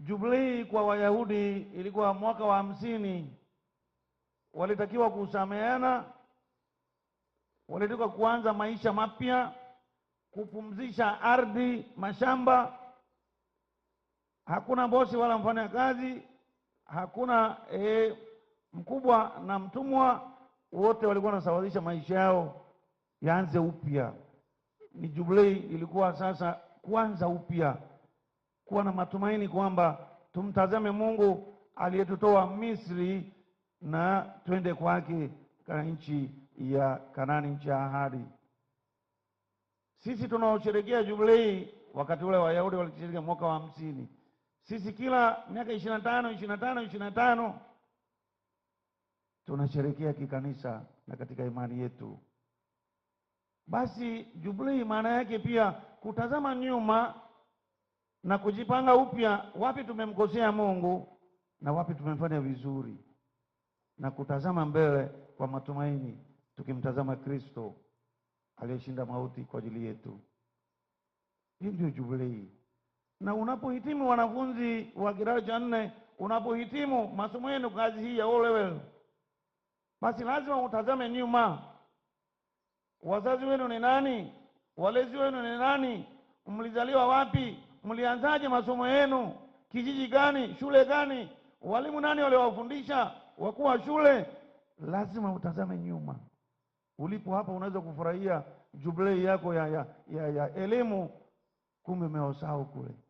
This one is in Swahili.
Jubilei kwa Wayahudi ilikuwa mwaka wa hamsini. Walitakiwa kusameana walitakiwa kuanza maisha mapya, kupumzisha ardhi, mashamba. Hakuna bosi wala mfanya kazi hakuna e, mkubwa na mtumwa, wote walikuwa wanasawazisha maisha yao yaanze upya. Ni jubilei ilikuwa sasa kuanza upya kuwa na matumaini kwamba tumtazame Mungu aliyetutoa Misri na twende kwake katika nchi ya Kanani, nchi ya ahadi. Sisi tunaosherekea jubilei, wakati ule Wayahudi walisherekea mwaka wa hamsini. Sisi kila miaka ishirini na tano ishirini na tano ishirini na tano tunasherekea kikanisa na katika imani yetu. Basi jubilei maana yake pia kutazama nyuma na kujipanga upya, wapi tumemkosea Mungu na wapi tumemfanya vizuri, na kutazama mbele kwa matumaini, tukimtazama Kristo aliyeshinda mauti kwa ajili yetu. Hii ndio jubilei. Na unapohitimu, wanafunzi wa kidato cha nne, unapohitimu masomo yenu, kazi hii ya O level, basi lazima utazame nyuma. Wazazi wenu ni nani? Walezi wenu ni nani? Mlizaliwa wapi? mlianzaje masomo yenu? Kijiji gani? Shule gani? Walimu nani waliowafundisha? Wakuu wa shule? Lazima utazame nyuma. Ulipo hapa unaweza kufurahia jubilei yako ya, ya, ya, ya elimu, kumbe umeosahau kule.